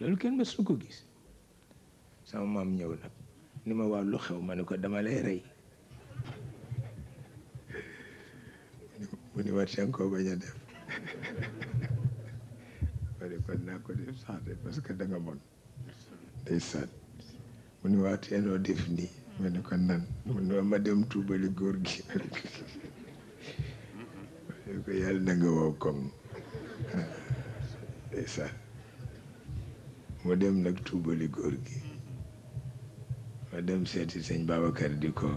loolu kenn ma su ko gis sama maam ñëw nag ni ma waa lu xew ma ne ko dama lay rey mu ni ma koo bañ a def parce que da ma ne ko nan mu ni ma dem tuubali góor gi ma ne ko yàlla na nga wow koŋ day sànn mu dem nag tuubali góor gi ma dem seeti sëñ Babacar di ko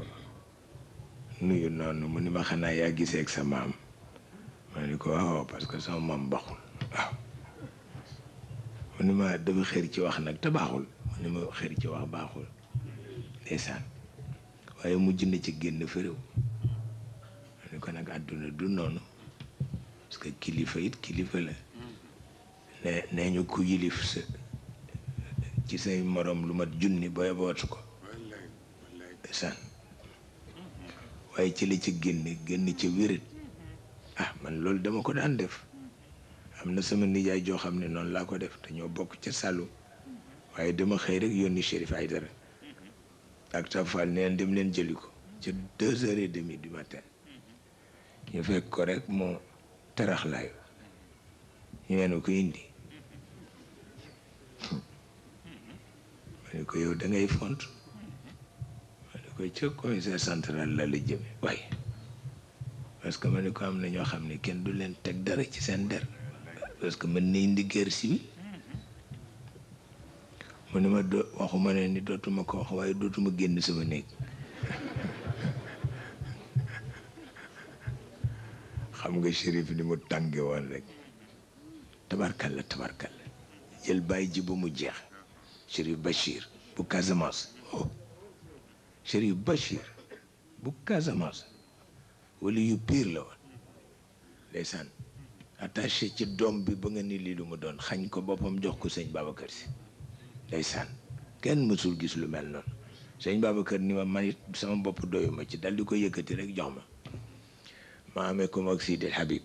nuyu noonu mu ni ma xanaa yaa gisee ak sa maam ma ni ko waaw parce que sama maam baaxul mu ni ma dafa xër ci wax nag te mu ni ma xër ci wax baaxul ndeysaan waaye mujj na ci génn féréw ma ni ko nag àdduna du noonu parce que kilifa it kilifa la ne nee ñu ko yilif sa ci say moroom lu mat junni booy bootu ko ndeysaan waaye ci li ci génne génn ci wérit ah man loolu dama ko daan def am na sama nijaay joo xam ne noonu laa ko def te ñoo bokk ca Saloum waaye dama xëy rek yónni Chérif Aïdara ak Tafal neen dem leen jëli ko ca deux heures et demie du matin ñu fekk ko rek moo taraxlaayu ñu neen ko indi ma font ma la la jëme waaye que ma ne na ñoo xam ne kenn du leen teg dara ci seen der parce que mën na indi guerre civile mu ne ma do waxuma ne ni dootuma ko wax waaye dootuma génn sama néeg xam nga shérif ni mu tànge woon rek tabarkalla tabarkalla jël bàyyi ji ba mu jeex Chérif Bachir bu Casamance Chérif Bachir bu Casamance wala yu piir la woon ndeysaan attaché ci doom bi ba nga ni lii lu mu doon xañ ko boppam jox ko sëñ Babacar si ndeysaan kenn mësul gis lu mel noonu sëñ Babacar ni ma manit sama bopp doyuma ci dal di ko yëkkati rek jox ma ma amee ko ak Sidi Habib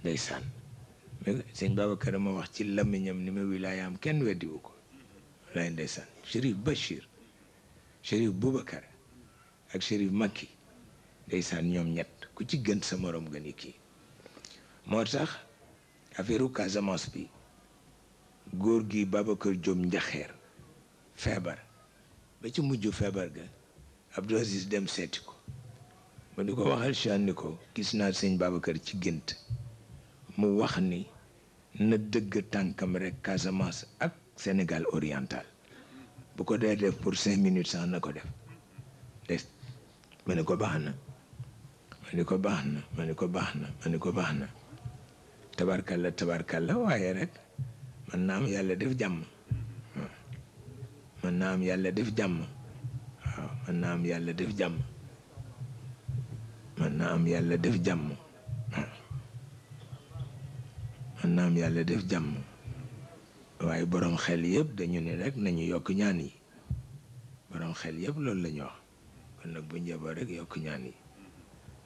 ndeysaan mais sëñ Babacar ma wax ci làmmiñam ni ma wilaayaam kenn weddiwu ko lay ndeysaan Chérif Bachir Chérif Boubacar ak Chérif Makki ndeysaan ñoom ñett ku ci gën sa morom nga ni kii moo tax affaire u Casamance bi góor gi Babacar Diom njaxeer feebar ba ci mujj feebar ga Abdou Aziz dem seeti ko ma di ko waxal Cheikh ko gis naa sëñ Babacar ci gént mu wax ni na dëgg tànkam rek Casamance ak Sénégal oriental bu ko dee def pour cinq minutes sax na ko def des ne ko baax na ma ne ko baax na ma ne ko baax na ma ne ko baax na tabarkalla tabarkalla waaye rek man naam yàlla def jàmm man naam yàlla def jàmm waaw man naa yàlla def jàmm man naa am yàlla def jàmm man naa yàlla def jàmm waaye boroom xel yëpp dañu ne rekk nañu yokk ñaan yi borom xel yëpp loolu la ñu wax kon nag bu yokk ñaan yi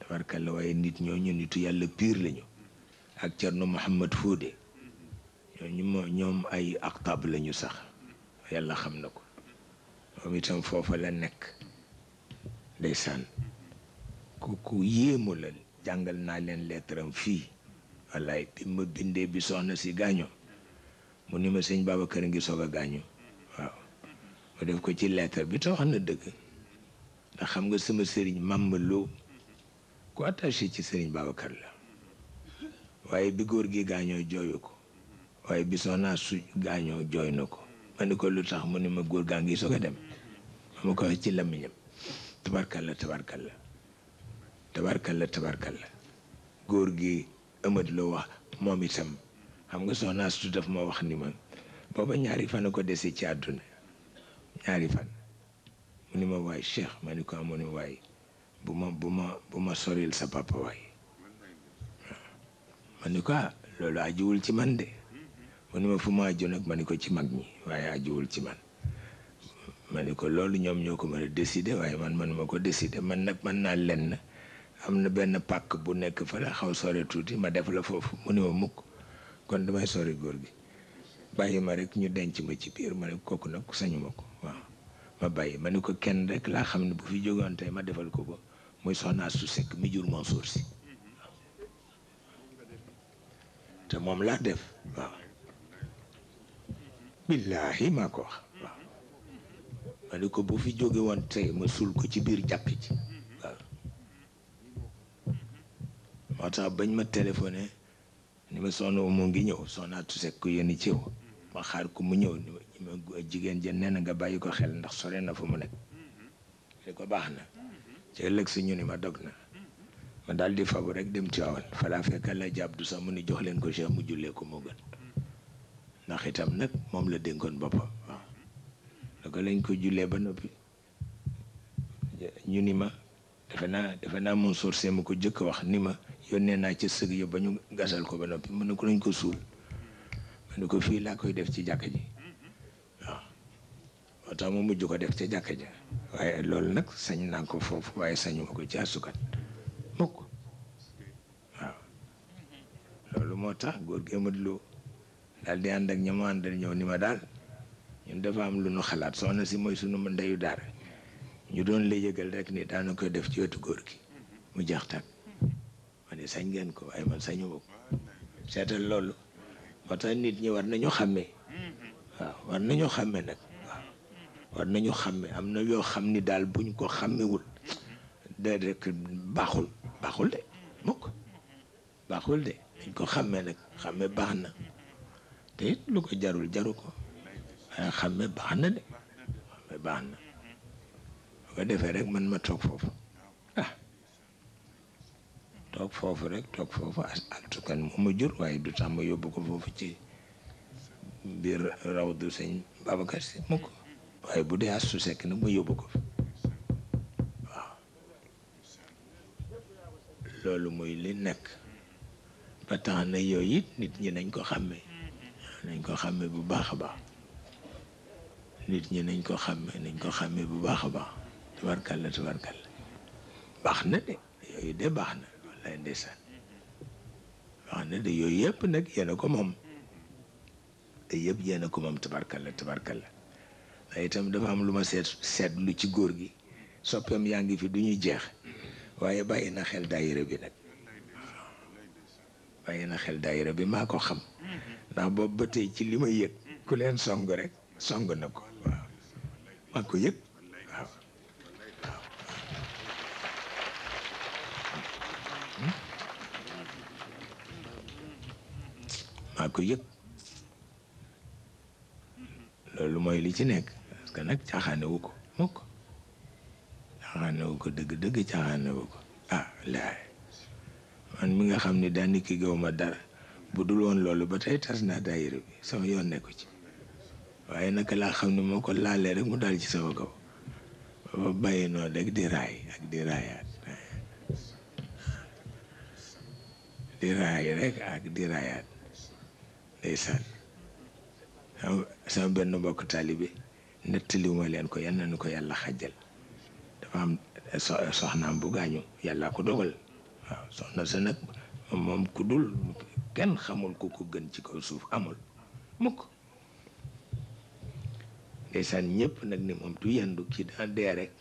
tabarkalla waaye nit nitu yàlla piir lañu ak Cerno Mouhamed Fodé ñoom ay aktab lañu sax yàlla xam na ko moom itam foofa la nekk ndeysaan kooku yéemu la jàngal naa leen leetaram fii wallaay bi ma bindee bi soxna si gaaño mu ni ma sëñ Babacar a ngi soog a gaañu waaw ma def ko ci leetar bi te xam na dëgg ndax xam nga sama sëriñ Mame Lo ku attaché ci sëriñ Babacar la waaye bi góor gi gaañoo jooyu ko waaye bi soxnaa su gaañoo jooy na ko ma ni ko lu tax mu ni ma góor gaa ngi soog a dem ma ma ko ci làmmiñam tabarkalla tabarkalla tabarkal la góor gi ëmët la wax moom itam xam nga soxna Astu daf ma wax ni ma booba ñaari fan a ko dese ci àdduna ñaari fan mu ni ma waay Cheikh ma ni ko amoon ni waay bu ma bu ma bu ma soril sa papa waay ah, loolu ajuwul ci man de mu ni ma fu nag ma ni ko ci mag waaye ajuwul ci man ma ni ko loolu ñoom ñoo ko mën a décider waaye man man ma ko décider man nag man naa lenn am na benn pàkk bu nekk fa la xaw sore tuuti ma def la foofu mu ni ma mukk kon damay sori góor gi bàyyi ma rek ñu denc ma ci biir ma ne kooku nag sañu ma ko waaw ma bàyyi ma ne ko kenn rek laa xam ne bu fi jógoon tey ma defal ko ko muy soxnaa su sekk mi jur Mansour si te moom laa def waaw billaahi maa ko ma ne ko bu fi jóge woon tey ma suul ko ci biir jàkk ci waaw moo tax bañ ma téléphoné ma sonoo ngi ñëw sonaa tuse ku yónni ci yow ma xaar ko mu ñëw ma jigéen ja nee na nga bàyyi ko xel ndax sore na fa mu nekk li ko baax na ci ëllëg si ñu ma dog na ma daal di fabu rek dem Tiwaawan falaa fekk la jàpp du sax mu ni jox leen ko Cheikh mu julee ko moo gën ndax itam nag moom la dénkoon boppam waaw naka lañ ko jullee ba noppi ñu ni ma defe naa defe naa moom source mu ko jëkk wax ni ma yónnee naa ci sëg ya ba ñu gasal ko ba noppi mën na ko nañ ko suul mën na ko fii laa koy def ci jàkka ji waaw moo tax mu mujj ko def ca jàkka ji waaye loolu nag sañ naa ko foofu waaye sañu ma ko ci asukat mukk waaw loolu moo tax góor gi amat lu daal di ànd ak ña mu àndal ñëw ni ma daal ñun dafa am lu nu xalaat soxna si mooy sunu ndeyu daara ñu doon la yëgal rek ni daana def ci wetu góor gi mu jeex tàkk ni sañ ngeen ko waaye man sañu ko seetal loolu moo tax nit ñi war nañu xàmmee waaw war nañu xàmmee nag waaw war nañu xàmmee am na yoo xam ni daal buñ ko xàmmewul de rek baaxul baaxul de mukk baaxul de dañ ko xàmmee nag xàmmee baax na te it lu ko jarul jaru ko waaye xàmmee baax na de na bu ko rek man ma toog foofu toog foofu rek toog foofu en tout cas moo ma jur waaye du tax ma yóbbu ko foofu ci biir raw du sëñ Babacar si mukk waaye bu dee su sekk nag ma yóbbu ko fa waaw loolu mooy li nekk ba tax na yooy it nit ñi nañ ko xàmmee nañ ko xàmmee bu baax a baax nit ñi nañ ko xàmmee nañ ko xàmmee bu baax a baax tabarkalla tabarkalla baax na de yooyu de baax na lay ndeysaan wax na de yooyu yëpp nag yéen ko moom te yëpp yéen ko moom tabarkalla tabarkalla waaye itam dafa am lu ma seet seetlu ci góor gi soppeem yaa ngi fi du ñuy jeex waaye bàyyi na xel daayira bi nag bàyyi na xel daayira bi maa ko xam ndax boobu ba tey ci li ma yëg ku leen song rek song na ko waaw maa ko yëg maa ko yëg loolu mooy li ci nekk parce que nag caaxaane ko mukk caaxaane ko dëgg-dëgg caaxaane ko ah laay man mi nga xam ne daanaka gaw ma dara bu dul woon loolu ba tey tas naa daayira bi sama yoon nekku ci waaye naka laa xam ne moo ko laalee rek mu dal ci sama kaw ba bàyyi noonu rek di raay ak di raayaat di raay rek ak di raayaat ndeysaan sama benn mbokk taalibe nettaliwuma leen ko yal nu ko yàlla xajjal dafa am soxnaam bu gaañu yàlla ko dogal waaw soxna sa nag moom ku dul kenn xamul ku ko gën ci kaw suuf amul mukk ndeysaan ñëpp nag ni moom du yendu kii daa dee rek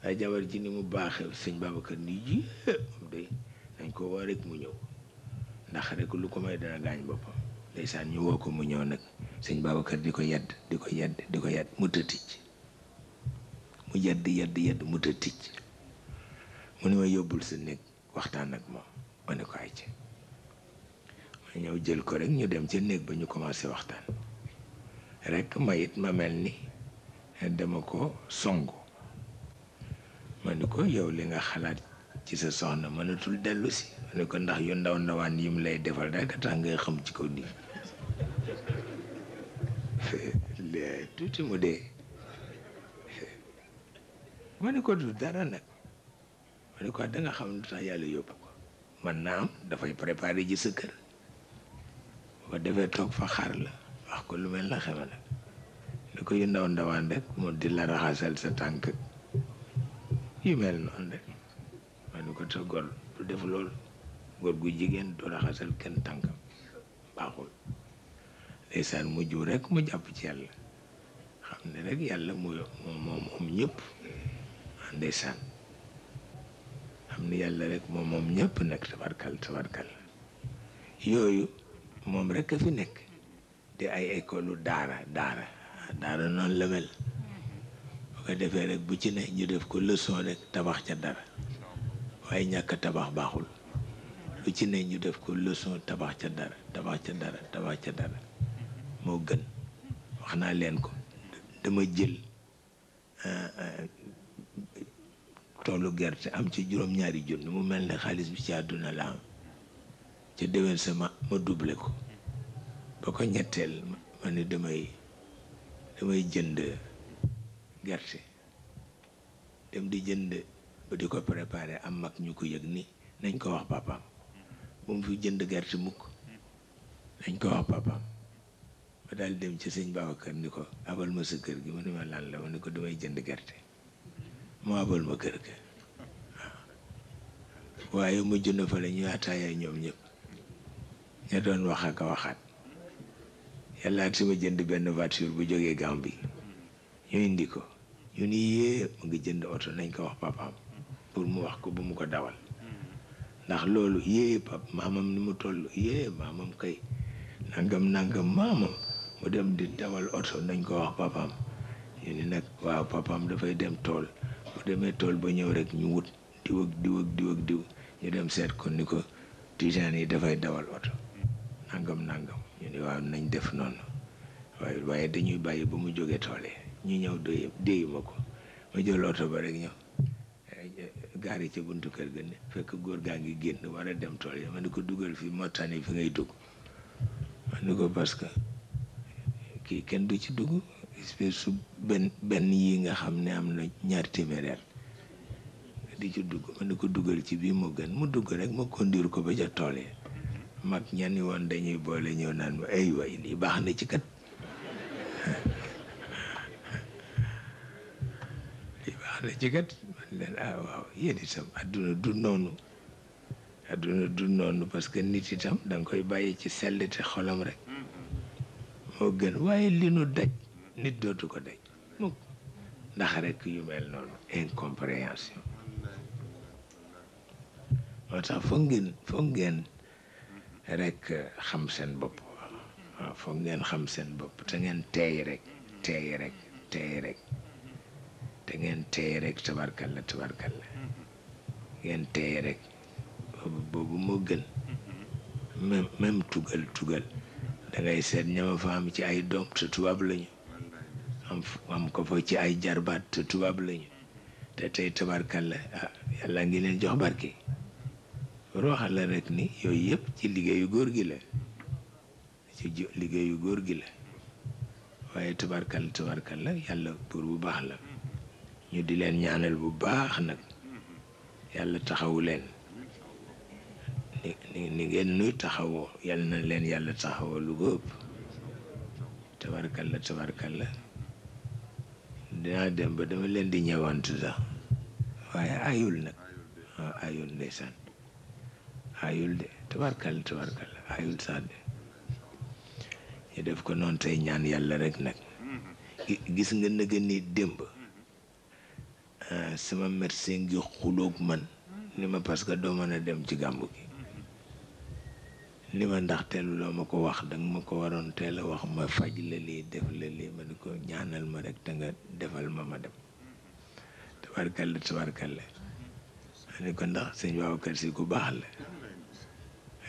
waaye jabar ji ni mu baaxee sëñ Babacar nii ji moom day dañ ko woo rek mu ñëw ndax rek lu ko may dana gaañ boppam ndeysaan ñu woo ko mu ñëw nag sëñ Babacar di ko yedd di ko yedd di ko yedd mu tëtij mu yadd yedd yedd mu tëtij mu ne ma yóbbul sa néeg waxtaan ak moom ma ne ko ay ci ma ñëw jël ko rek ñu dem ca néeg ba ñu commencé waxtaan rekk ma it ma mel ni dama ko songu ma ni ko yow li nga xalaat ci sa soxna mënatul dellu si ma ne ko ndax yu ndaw ndawaan yi mu lay defal rek tax ngay xam ci kaw nii Eh, tuuti mu dee ma ko du dara nag ma ne ko ah, da xam lu tax yàlla yóbbu ko man naam dafay préparé ji sa kër ba defee toog fa xaar la wax ko lu mel na xeme nag li ko yu ndaw ndawaan rek mu di la raxasal sa tànk yu mel noonu rek ma ne ko sa gor du def loolu góor gu jigéen du raxasal kenn tànkam baaxul ndeysaan mu jur rek mu jàpp ci yàlla xam ne yàlla muy moom moom ñëpp ndeysaan xam ne yàlla rek moom moom ñëpp nag tabarkal tabarkal yooyu moom rek a fi nekk di ay école daara daara daara noonu la mel bu ko defee rek bu ci ne ñu def ko leçon rek tabax ca dara waaye ñàkk tabax baaxul lu ci ne ñu def ko leçon tabax ca dara tabax ca dara tabax ca dara moo gën wax naa leen ko dama jël euh, euh, toolu gerte am ci juróom-ñaari junni mu mel ne xaalis bi ci àdduna la am ca déwén sama ma doublé ko ba ko ñetteel ma ne damay damay jënd gerte dem di jënd ba di ko préparé am mag ñu ko yëg ni nañ ko wax papaam bu mu fi jënd gerte mukk nañ ko wax papaam ba daal dem ci sëñ Babacar ni ko abal ma sa kër gi mu ne ma lan la ma ne ko damay jënd gerte mu abal ma kër ga waaw waaye mujj na fa la ñuy ataaya ñoom ñëpp ña doon wax ak waxaat yàlla ak sama jënd benn voiture bu jógee Gambie ñu indi ko ñu ni yee mu ngi jënd oto nañ ko wax papaam pour mu wax ko bu mu ko dawal ndax loolu yee pap maamam ni mu toll yee maamam kay nangam nangam maamam mu dem di dawal oto nañ ko wax papam ñu ni nag waaw papaam dafay dem tool bu demee tool ba ñëw rek ñu wut diw ak diw ak diw ñu dem seet ko ni ko tijaan yi dafay dawal oto nangam nangam ñu ni waaw nañ def noonu waaye waaye dañuy bàyyi ba mu jógee toole ñu ñëw doy déy ma ko ma jël oto ba rek ñëw eh, yi ca buntu kër ga ne fekk góor gaa ngi génn war a dem tool yi ma ni ko dugal fii moo fi ngay dug ma ni ko parce que kii kenn du ci dugg espèce su benn benn yi nga xam ne am na ñaar téeméer di ci dugg ma ne ko dugal ci bii mo gën mu dugg rek ma kondir ko ba ca tool ya. mag ñani woon dañuy boole ñëw naan ma ay way lii baax na ci kat lii baax na ci kat man leen ah waaw yéen itam àdduna du noonu àdduna du noonu parce que nit itam da nga koy bàyyi ci sell te xolam rek moo gën waaye li nu daj nit dootu ko daj mukk ndax rekk yu mel noonu incompréhension moo tax foog ngeen foog rekk xam seen bopp foog ngeen xam seen bopp te ngeen teey rek teey rek teey te ngeen teey rek tabarkalla tabarkalla ngeen teey rek boobu moo gën même même tugal tugal dangay seet ñama fa am ci ay doom te tubaab lañu am am ko fa ci ay jarbaat te tubaab lañu te tey tabarkalla la ah, yàlla ngi leen jox barke rooxal la rek ni yooyu yëpp ci liggéeyu góor gi la ci liggéeyu góor gi la waaye tabarkalla la yàlla pour bu baax la ñu di leen ñaanal bu baax nag yàlla taxawu leen ni ni ngeen nuy taxawoo yal na leen yàlla taxawoo lu góob tabarkalla tabarkalla dinaa dem ba dama leen di ñëwantu sax waaye ayul nag waaw ayul ndeysaan ayul de tabarkalla tabarkalla ayul sax de ñu def ko noonu tey ñaan yàlla rek nag gis nga nag a ni démb sama médecin ngi xuloog man ni ma parce que doo mën a dem ci gàmbu gi li ma ndax ndaxte loo ma ko wax danga ma ko waroon teel a wax ma faj la lii def la lii ma ni ko ñaanal ma rek te nga defal ma ma dem tabarkalla tabarkalla ma ni ko ndax sëñ Babacar Si ku baax la ma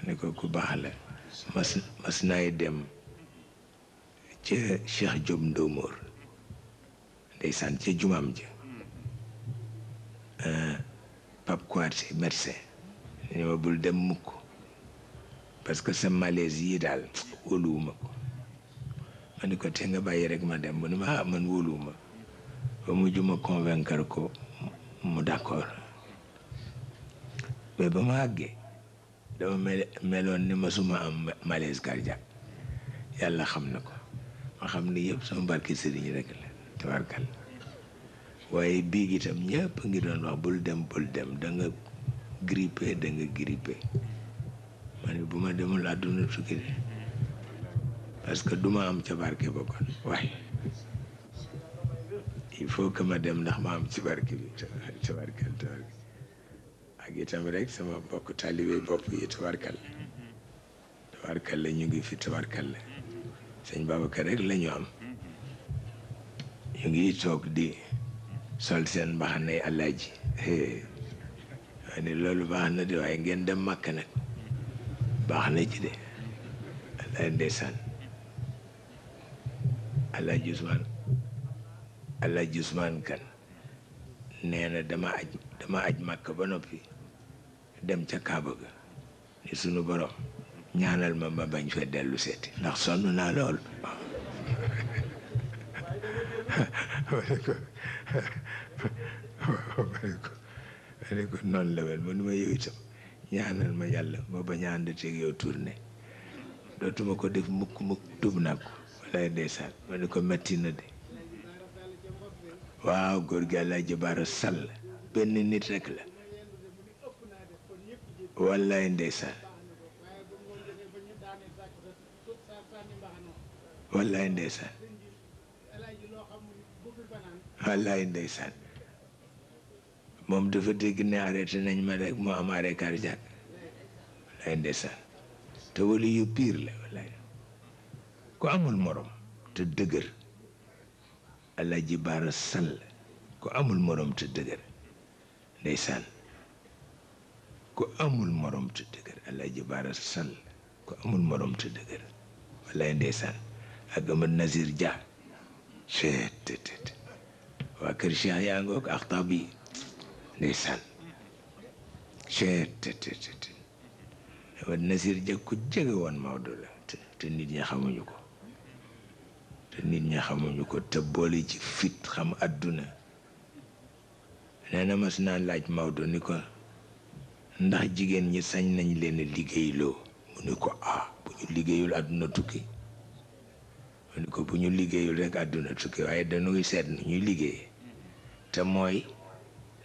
ni ko ku baax la mas mas naay dem ca Cheikh Diop Ndóomóor ndeysaan ca jumaam ja eh, Pape Kouar Si merci ma bul dem mukk parce que sa malaise yii daal wóoluwuma ko ma ni ko te nga bàyyi rek ma dem mu ne ma ah man wóoluwuma ba mujj ma convaincre ko mu d'accord mais ba ma àggee dama mel meloon ni ma suma am malaise cardiaque yàlla xam na ko ma xam ni yëpp sama barke sëriñ rek la tabarkal waaye biig itam ñëpp ngi doon wax bul dem bul dem da nga grippé da ma bu ma demul àdduna tukki de parce que duma am ca barke ba kon waaye il faut que ma dem ndax ma am ca barke bi ci barkel rek sama bokk taalibe tabarkal tabarkal la ñu ngi fi tabarkal la sëñ Babacar rek la am ñu ngi toog di sol seen mbaxana yi alaaji ne loolu baax na de waaye ngeen dem màkk nag baax na ci de allah ndeysaan allah jusmaan allah jusmaan kan nee na dama aj dama aj màkk ba noppi dem ca kaaba ga ni sunu borom ñaanal ma ma bañ fa dellu seeti ndax sonn naa lool ma nu ma yow ñaanal ma yàlla ma bañ a ànd yow tourné dootuma ko def mukk mukk tub naa ko walaay ndeysaan ma ne ko metti na de waaw góor gi Alaaji Baara Sall benn nit rek la walaay ndeysaan walaay ndeysaan walaay ndeysaan moom dafa dégg ne arrêté nañ ma rek mu am arrêt cardiaque lay ndeysaan te wali yu pire la walaay ku amul morom te dëgër Alaaji Baara Sall ku amul morom te dëgër ndeysaan ku amul morom te dëgër Alaaji Baara Sall te waa kër Cheikh yaa ngoog axtaab yi ndeysaan te te te wa Nasir jëkk jege woon Maodo la te nit ñi xamuñu ko te nit ña xamuñu ko te boole ci fit xam àdduna nee na mas laaj Maodo ni ko ndax jigéen ñi sañ nañ leen liggéeyloo mu ni ko ah bu ñu liggéeyul àdduna tukki mu ni ko bu ñu liggéeyul rekk àdduna waaye dañuy seet nu ñuy liggéey te mooy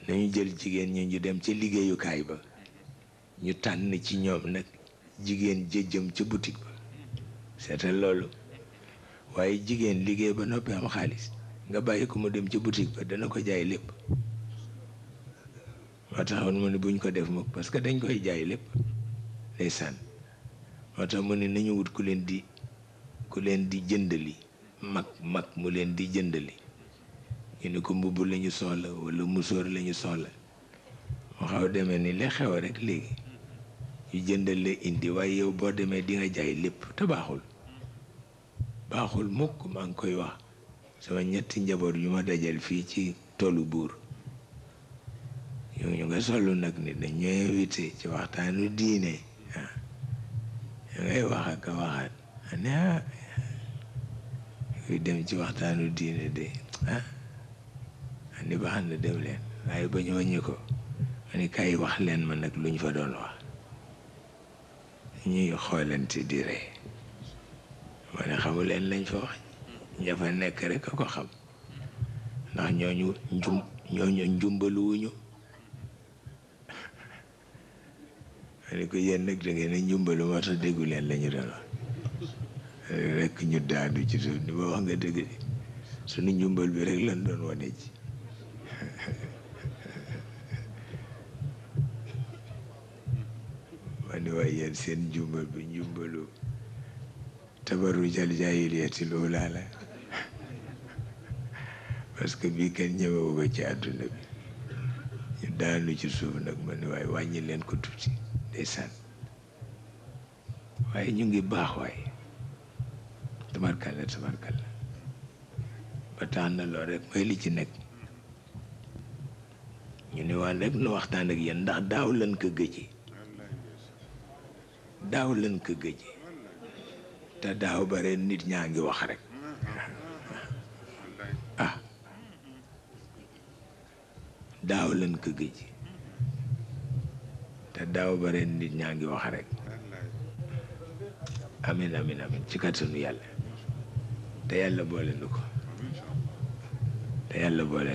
nañu jël jigéen ñi ñu dem ca liggéeyukaay ba ñu tànn ci ñoom nag jigéen jëjëm ca boutique ba seetal loolu waaye jigéen liggéey ba noppi am xaalis nga bàyyi ko mu dem ca boutique ba dana ko jaay lépp moo taxoon mu ne buñ ko def mukk parce que dañ koy jaay lépp day sànn moo tax mu ne nañu wut ku leen di ku leen di jënd li mag mag mu leen di jënd li ñu ni ko mbubb la sol soxla wala musóor la ñu mu xaw demee ni li xew rek léegi ñu jëndal la indi waaye yow boo demee di nga jaay lépp te baaxul baaxul mukk maa ngi koy wax sama ñetti njaboot yu ma dajal fii ci tollu buur ñu ñu nga sollu nag ni dañ ñu invité ci waxtaanu diine ah ngay wax ak waxaat ne ah dem ci waxtaanu diine de ah. ni xam ne dem leen waaye ba ñu ko ma ni kaay wax leen man nag luñ fa doon wax ñuy xoolante di ree ma ne xamu leen lañ fa wax ña fa ko xam ndax ñooñu njum ñooñu njumbaluwuñu ma ne déggu leen la ñu doon daanu ci suuf ni ma wax nga dëgg suñu njumbal bi rek lan doon wane ji ma ni waay yéen seen njumbal bi njumbalu tabarujal jaahiliyati loola la parce que bii kenn ñemewu ko ci àdduna bi ñu daanu ci suuf nag ma ni waay wàññi leen ko tuuti ndeysaan waaye ñu ngi baax waay tabarkalla tabarkalla ba tax na lool rek mooy li ci nekk ñu ne waa rek nu waxtaan ak yéen ndax daaw lan ko gëji daaw lan daaw ñaa ngi wax rek ah daaw lan ko gëji te daaw ba ren nit ñaa ngi wax rek amin amin amin ci kattanu yàlla te yàlla boole ko te yàlla boole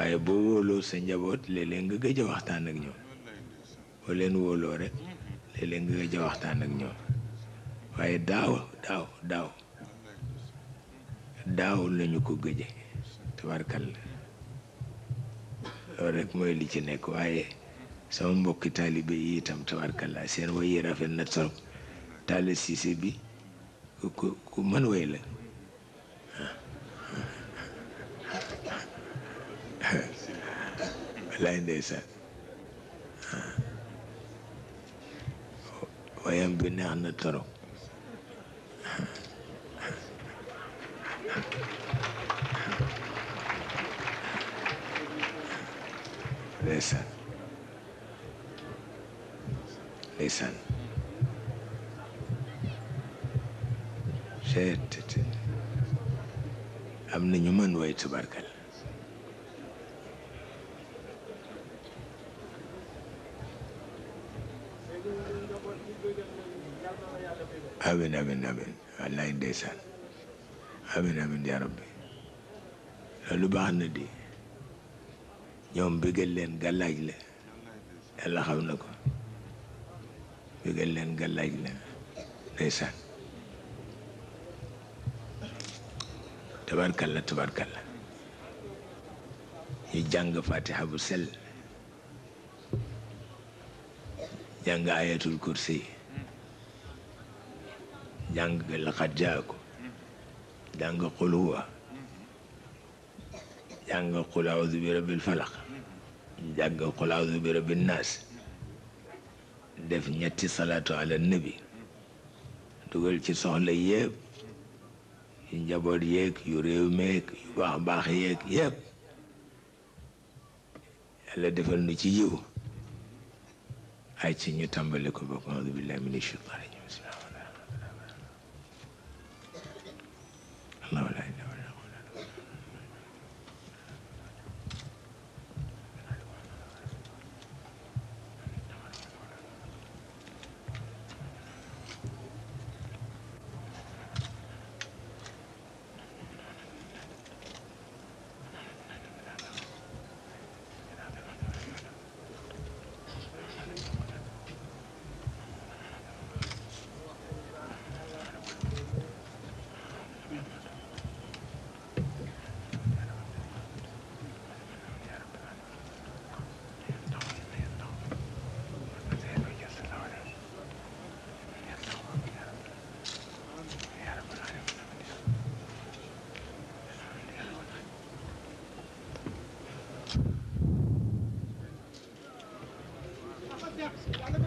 waaye boo wóoloo sa njaboot léeg-léeg nga gëj a waxtaan ak ñoom boo leen wóoloo rek léeg-léeg nga gëj a waxtaan ak ñoom waaye daaw daaw daaw daaw lañu ko gëje tabarkal la loolu rek mooy li ci nekk waaye sama mbokki taalibe yi itam tabarkal la seen way yi rafet na trop taali siise bi ku ku mën way la لين ليس آه. وينبني عن الطرق ليس ليس شاتت امن يمن ويتبركل amin amin amin wallaay ndeysaan amin amin yaa rabbi baax na di ñoom bëggal leen gàllaaj la yàlla na ko bëggal leen gàllaaj la ndeysaan tabarkalla tabarkalla ñu jàng fatiha bu sell jàng ayatul kursi جانغ لخجاكو جانغ قلوة جانغ قل أعوذ برب الفلق جانغ قل أعوذ برب الناس دف نيتي صلاة على النبي دوغل تي سوخلا ييب ينجبور ييك يريو ميك يباخ باخ ييك ييب يلا دفل نتي يو أي تي نيو تنبلي كبك أعوذ بالله من الشيطان Yeah.